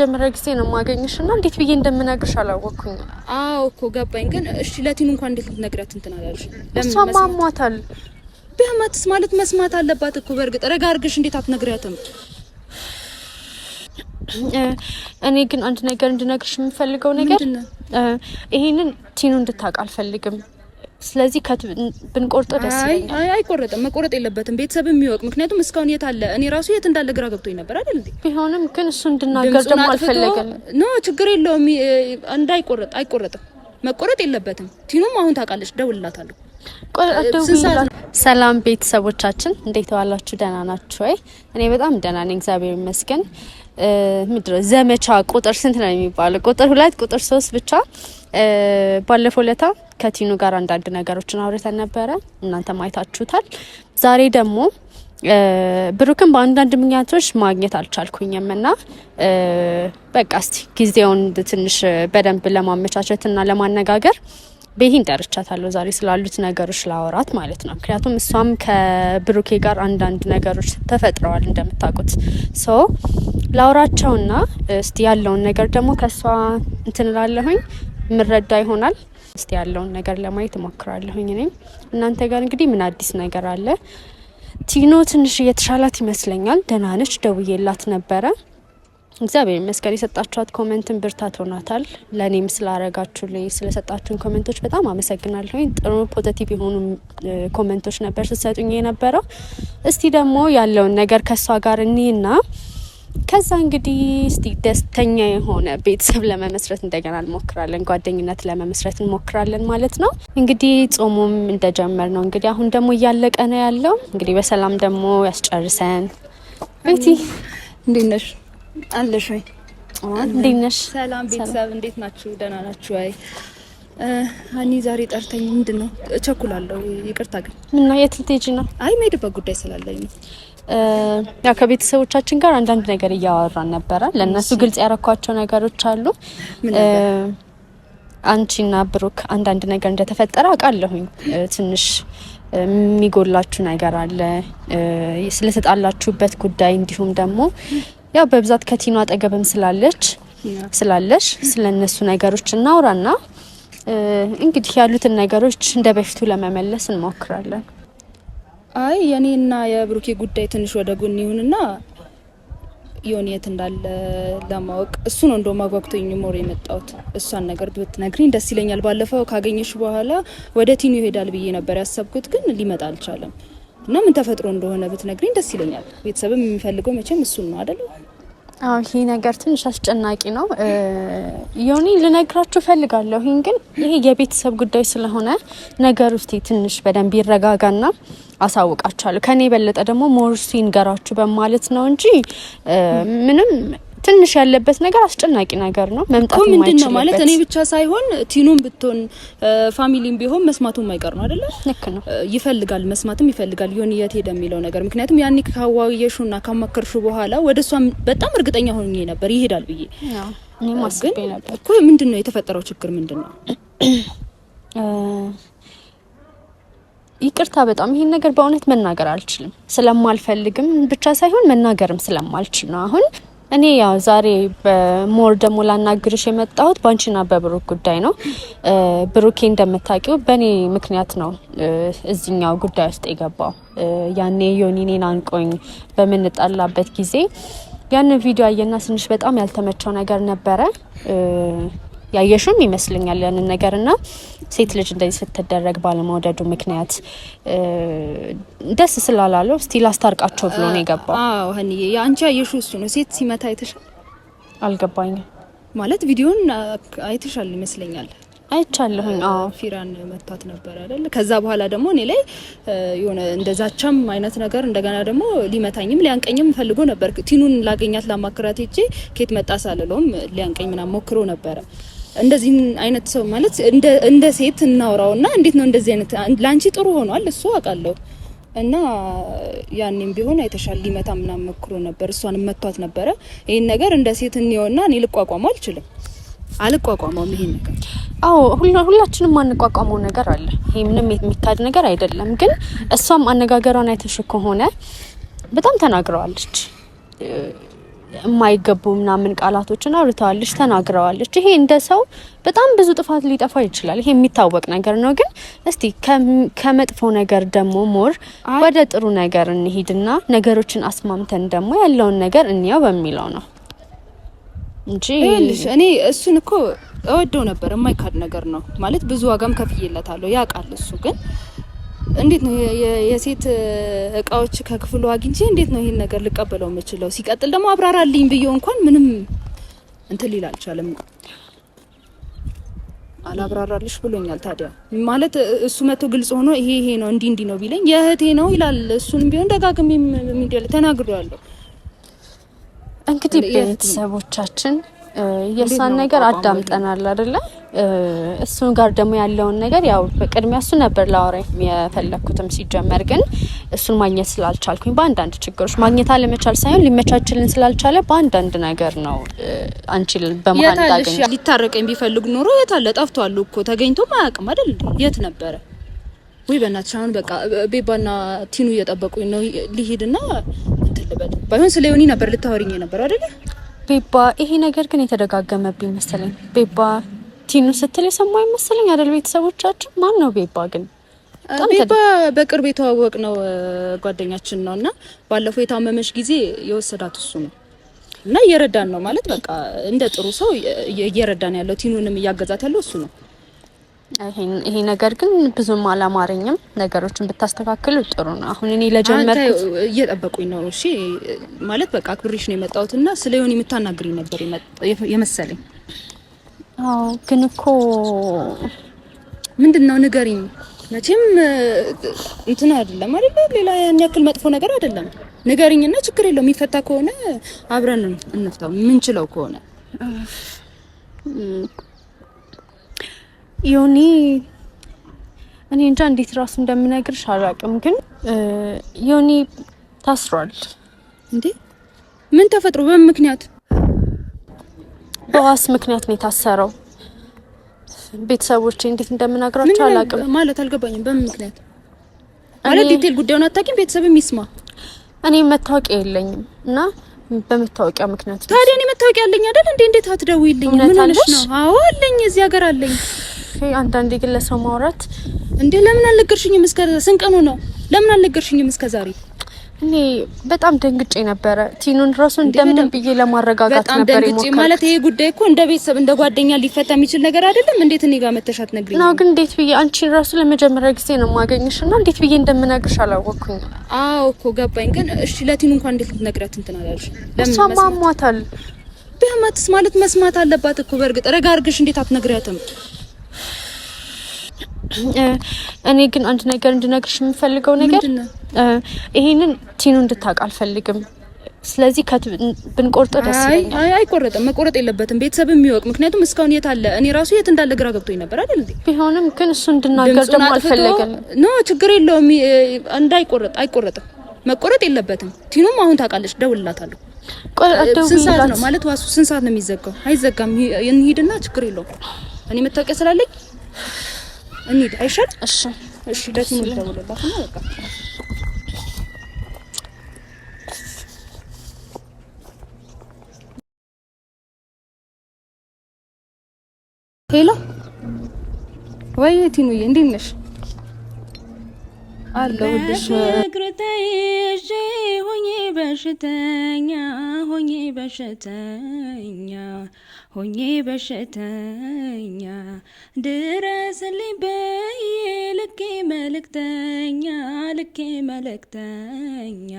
ጀምረ ጊዜ ነው የማገኝሽ እና እንዴት ብዬ እንደምነግርሽ አላወቅኩኝ። አዎ እኮ ገባኝ። ግን እሺ ለቲኑ እንኳን እንዴት ልትነግራት እንትን አላልሽ? እሷ ማሟታል። ቢያማትስ ማለት መስማት አለባት እኮ። በእርግጥ ረጋ አድርገሽ እንዴት አትነግሪያትም? እኔ ግን አንድ ነገር እንድነግርሽ የምፈልገው ነገር ይሄንን ቲኑ እንድታውቅ አልፈልግም። ስለዚህ ብንቆርጥ ደስ ይለኛል። አይቆረጥም፣ መቆረጥ የለበትም ቤተሰብ የሚወቅ ምክንያቱም እስካሁን የት አለ እኔ ራሱ የት እንዳለ ግራ ገብቶኝ ነበር አይደል? እንዴ? ቢሆንም ግን እሱ እንድናገር ደግሞ አልፈለገም። ኖ ችግር የለውም እንዳይቆረጥ አይቆረጥም፣ መቆረጥ የለበትም። ቲኑም አሁን ታውቃለች፣ ደውልላታለሁ። ቆይ አትደውይላት ሰላም ቤተሰቦቻችን እንዴት ዋላችሁ? ደህና ናችሁ ወይ? እኔ በጣም ደህና ነኝ፣ እግዚአብሔር ይመስገን። ምንድነው ዘመቻ ቁጥር ስንት ነው የሚባለው? ቁጥር ሁለት ቁጥር ሶስት ብቻ። ባለፈው ለታ ከቲኑ ጋር አንዳንድ ነገሮችን አውርተን ነበረ፣ እናንተ ማየታችሁታል። ዛሬ ደግሞ ብሩክን በአንዳንድ ምክንያቶች ማግኘት አልቻልኩኝም እና በቃ እስቲ ጊዜውን ትንሽ በደንብ ለማመቻቸት እና ለማነጋገር ቤቲን ጠርቻታለሁ ዛሬ ስላሉት ነገሮች ላወራት ማለት ነው። ምክንያቱም እሷም ከብሩኬ ጋር አንዳንድ ነገሮች ተፈጥረዋል እንደምታውቁት ሶ ላውራቸውና እስቲ ያለውን ነገር ደግሞ ከእሷ እንትንላለሁኝ ምረዳ ይሆናል። እስቲ ያለውን ነገር ለማየት እሞክራለሁኝ። እኔም እናንተ ጋር እንግዲህ ምን አዲስ ነገር አለ። ቲኖ ትንሽ እየተሻላት ይመስለኛል። ደህና ነች። ደውዬላት ነበረ እግዚአብሔር ይመስገን የሰጣችኋት ኮመንትን ብርታት ሆኗታል። ለእኔም ስላረጋችሁልኝ ስለሰጣችሁን ኮመንቶች በጣም አመሰግናለሁ። ጥሩ ፖዘቲቭ የሆኑ ኮመንቶች ነበር ስትሰጡኝ የነበረው። እስቲ ደግሞ ያለውን ነገር ከእሷ ጋር እኒና ከዛ እንግዲህ እስቲ ደስተኛ የሆነ ቤተሰብ ለመመስረት እንደገና እንሞክራለን፣ ጓደኝነት ለመመስረት እንሞክራለን ማለት ነው። እንግዲህ ጾሙም እንደጀመር ነው። እንግዲህ አሁን ደግሞ እያለቀ ነው ያለው። እንግዲህ በሰላም ደግሞ ያስጨርሰን። ቤቲ እንዴት ነሽ? አለሽ ወይ? እንዴት ነሽ? ሰላም ቤተሰብ እንዴት ናችሁ? ደህና ናችሁ አኒ ዛሬ ጠርተኝ ምንድን ነው እቸኩላለሁ፣ ይቅርታ ግን እና የት ልትሄጂ ነው? አይ ጉዳይ ስላለኝ ነው። ያው ከቤተሰቦቻችን ጋር አንዳንድ ነገር እያወራን ነበረ። ለእነሱ ግልጽ ያረኳቸው ነገሮች አሉ። አንቺና ብሩክ አንዳንድ ነገር እንደተፈጠረ አውቃለሁኝ። ትንሽ የሚጎላችሁ ነገር አለ፣ ስለተጣላችሁበት ጉዳይ እንዲሁም ደግሞ ያው በብዛት ከቲኗ አጠገብም ስላለች ስላለሽ ስለ እነሱ ነገሮች እናውራና እንግዲህ ያሉትን ነገሮች እንደ በፊቱ ለመመለስ እንሞክራለን። አይ የኔና የብሩኬ ጉዳይ ትንሽ ወደ ጎን ይሁንና የሆነ የት እንዳለ ለማወቅ እሱ ነው እንደ አጓጉቶኝ ሞር የመጣሁት። እሷን ነገር ብትነግሪኝ ደስ ይለኛል። ባለፈው ካገኘሽ በኋላ ወደ ቲኑ ይሄዳል ብዬ ነበር ያሰብኩት፣ ግን ሊመጣ አልቻለም። እና ምን ተፈጥሮ እንደሆነ ብትነግሪኝ ደስ ይለኛል። ቤተሰብም የሚፈልገው መቼም እሱን ነው አደለ? አዎ፣ ይሄ ነገር ትንሽ አስጨናቂ ነው። የሆነ ልነግራችሁ ፈልጋለሁ፣ ግን ይሄ የቤተሰብ ጉዳይ ስለሆነ ነገር ውስጥ ትንሽ በደንብ ይረጋጋና አሳውቃችኋለሁ። ከኔ የበለጠ ደግሞ ሞርሱ ይንገራችሁ በማለት ነው እንጂ ምንም ትንሽ ያለበት ነገር አስጨናቂ ነገር ነው። መምጣት ምንድን ነው ማለት እኔ ብቻ ሳይሆን ቲኑም ብትሆን ፋሚሊም ቢሆን መስማቱ የማይቀር ነው አይደለ? ልክ ነው። ይፈልጋል መስማትም ይፈልጋል ዮኒ የት ሄደ የሚለው ነገር ምክንያቱም ያኔ ካዋየሹና ካማከርሹ በኋላ ወደ እሷ በጣም እርግጠኛ ሆኜ ነበር ይሄዳል ብዬ ነበር እኮ ምንድን ነው የተፈጠረው ችግር ምንድን ነው? ይቅርታ በጣም ይሄን ነገር በእውነት መናገር አልችልም። ስለማልፈልግም ብቻ ሳይሆን መናገርም ስለማልችል ነው አሁን እኔ ያው ዛሬ በሞር ደግሞ ላናግርሽ የመጣሁት ባንቺና በብሩክ ጉዳይ ነው። ብሩኬ እንደምታውቂው በእኔ ምክንያት ነው እዚኛው ጉዳይ ውስጥ የገባው። ያኔ ዮኒኔን አንቆኝ በምንጣላበት ጊዜ ያንን ቪዲዮ አየና ትንሽ በጣም ያልተመቸው ነገር ነበረ። ያየሹም ይመስለኛል ያንን ነገር እና ሴት ልጅ እንደዚህ ስትደረግ ባለመውደዱ ምክንያት ደስ ስላላለው እስቲ ላስታርቃቸው ብሎ ነው የገባው። አንቺ ያየሹ እሱ ነው። ሴት ሲመታ አይተሻል? አልገባኝም ማለት ቪዲዮን አይተሻል ይመስለኛል። አይቻለሁኝ። አዎ ፊራን መታት ነበር አይደል? ከዛ በኋላ ደግሞ እኔ ላይ የሆነ እንደዛቻም አይነት ነገር እንደገና ደግሞ ሊመታኝም ሊያንቀኝም ፈልጎ ነበር። ቲኑን ላገኛት ላማክራት ሄጄ ኬት መጣ ሳልለውም ሊያንቀኝ ምናምን ሞክሮ ነበረ። እንደዚህ አይነት ሰው ማለት እንደ ሴት እናውራውና እንዴት ነው እንደዚህ አይነት ላንቺ ጥሩ ሆኗል እሱ አውቃለሁ። እና ያኔም ቢሆን አይተሻል ሊመታ ምናምን መክሮ ነበር፣ እሷንም መቷት ነበረ። ይሄን ነገር እንደ ሴት እንየውና እኔ ልቋቋመው አልችልም፣ አልቋቋመውም ይሄን ነገር። አዎ ሁላችንም ማንቋቋመው ነገር አለ። ይሄ ምንም የሚካድ ነገር አይደለም። ግን እሷም አነጋገሯን አይተሽ ከሆነ በጣም ተናግረዋለች። የማይገቡ ምናምን ቃላቶችን አውርተዋለች፣ ተናግረዋለች። ይሄ እንደ ሰው በጣም ብዙ ጥፋት ሊጠፋ ይችላል። ይሄ የሚታወቅ ነገር ነው። ግን እስቲ ከመጥፎ ነገር ደግሞ ሞር ወደ ጥሩ ነገር እንሂድና ነገሮችን አስማምተን ደግሞ ያለውን ነገር እንየው በሚለው ነው እንጂ እኔ እሱን እኮ እወደው ነበር። የማይካድ ነገር ነው ማለት ብዙ ዋጋም ከፍዬለታለሁ ያውቃል እሱ ግን እንዴት ነው የሴት እቃዎች ከክፍሉ አግኝቼ እንዴት ነው ይሄን ነገር ልቀበለው የምችለው? ሲቀጥል ደግሞ አብራራልኝ ብዬው እንኳን ምንም እንትን ሊል አልቻለም። አላብራራልሽ ብሎኛል። ታዲያ ማለት እሱ መቶ ግልጽ ሆኖ ይሄ ይሄ ነው እንዲህ እንዲህ ነው ቢለኝ የእህቴ ነው ይላል። እሱንም ቢሆን ደጋግሜ ሚዲያ ላይ ያለው እንግዲህ ቤተሰቦቻችን የእሷን ነገር አዳምጠናል አይደለ? እሱን ጋር ደግሞ ያለውን ነገር ያው በቅድሚያ እሱ ነበር ላወራ የፈለግኩትም ሲጀመር ግን እሱን ማግኘት ስላልቻልኩኝ በአንዳንድ ችግሮች ማግኘት አለመቻል ሳይሆን ሊመቻችልን ስላልቻለ በአንዳንድ ነገር ነው። አንችል በመሀል ታገኝ ሊታረቀኝ ቢፈልግ ኖሮ የታለ? ጠፍቷል እኮ ተገኝቶ አያውቅም አይደል? የት ነበረ? ወይ በእናትሽ አሁን በቃ ቤባና ቲኑ እየጠበቁኝ ነው። ሊሄድና ትልበል ባይሆን ስለ ዮኒ ነበር ልታወሪኝ ነበር አይደለ? ቤባ ይሄ ነገር ግን የተደጋገመብኝ መሰለኝ ቤባ ቲኑ ስትል የሰማው አይመስልኝ አይደል? ቤተሰቦቻችን ማን ነው ቤባ? ግን ቤባ በቅርብ የተዋወቅ ነው ጓደኛችን ነው እና ባለፈው የታመመሽ ጊዜ የወሰዳት እሱ ነው እና እየረዳን ነው ማለት በቃ እንደ ጥሩ ሰው እየረዳን ያለው ቲኑንም እያገዛት ያለው እሱ ነው። ይሄ ነገር ግን ብዙም አላማረኝም። ነገሮችን ብታስተካክሉ ጥሩ ነው። አሁን እኔ ለጀመርኩት እየጠበቁኝ ነው። እሺ ማለት በቃ አክብሬሽ ነው የመጣሁት እና ስለ ዮኒ የምታናግሪ ነበር የመሰለኝ አዎ ግን እኮ ምንድን ነው ንገሪኝ። መቼም እንትን አይደለም አይደለ? ሌላ ያን ያክል መጥፎ ነገር አይደለም። ንገሪኝና ችግር የለው የሚፈታ ከሆነ አብረን እንፍታው የምንችለው ከሆነ ዮኒ፣ እኔ እንጃ እንዴት ራሱ እንደምነግርሽ አላውቅም፣ ግን ዮኒ ታስሯል። እንዴ? ምን ተፈጥሮ? በምን ምክንያት? በዋስ ምክንያት ነው የታሰረው። ቤተሰቦቼ እንዴት እንደምናግራቸው አላውቅም። ማለት አልገባኝም። በምን ምክንያት ማለት ዲቴል ጉዳዩን አታውቂም? ቤተሰብም ይስማ። እኔ መታወቂያ የለኝም እና በመታወቂያ ምክንያት ታዲያ እኔ መታወቂያ አለኝ አይደል እንዴ? እንዴት አትደውይልኝ? ምን አለሽ ነው? አዎ አለኝ፣ እዚህ ሀገር አለኝ። አንዳንዴ ግን ለሰው ማውራት እንዴ፣ ለምን አልነገርሽኝም? እስከ ስንቀኑ ነው? ለምን አልነገርሽኝም እስከ ዛሬ? እኔ በጣም ደንግጬ ነበረ። ቲኑን ራሱ እንደምን ብዬ ለማረጋጋት ነበር የሞከርኩት። ማለት ይሄ ጉዳይ እኮ እንደ ቤተሰብ እንደ ጓደኛ ሊፈታ የሚችል ነገር አይደለም። እንዴት እኔ ጋር መተሻት ነግሪኝ ነው። ግን እንዴት ብዬ አንቺን ራሱ ለመጀመሪያ ጊዜ ነው ማገኘሽ እና እንዴት ብዬ እንደምነግርሽ አላወቅኩኝ። አዎ እኮ ገባኝ። ግን እሺ ለቲኑ እንኳን እንዴት ልትነግራት እንትን አላልሽ? እሷ ማሟታል። በህመትስ ማለት መስማት አለባት እኮ። በእርግጥ ረጋ አድርገሽ እንዴት አትነግሪያትም? እኔ ግን አንድ ነገር እንድነግርሽ የምፈልገው ነገር ይሄንን ቲኑ እንድታውቅ አልፈልግም። ስለዚህ ብንቆርጦ ደስ ይለኛል። አይቆረጥም፣ መቆረጥ የለበትም ቤተሰብ የሚወቅ ምክንያቱም እስካሁን የት አለ እኔ ራሱ የት እንዳለ ግራ ገብቶኝ ነበር አይደል? ቢሆንም ግን እሱ እንድናገር ደግሞ አልፈለገም። ኖ ችግር የለውም እንዳይቆረጥ አይቆረጥም፣ መቆረጥ የለበትም። ቲኑም አሁን ታውቃለች፣ ደውልላታለሁ። ስንት ሰዓት ነው ማለት ዋሱ? ስንት ሰዓት ነው የሚዘጋው? አይዘጋም። እንሂድና ችግር የለውም እኔ መታወቂያ ስላለኝ እንሂድ አይሻል? እሺ፣ እሺ። ደግሞ ደውለላት እና በቃ ሄሎ፣ ወይ ቲኑዬ፣ እንዴት ነሽ? አለሁልሽ። በሽተኛ ሆኜ በሽተኛ ሆኜ በሽተኛ ድረስልኝ በይ ልኬ መልእክተኛ ልኬ መልእክተኛ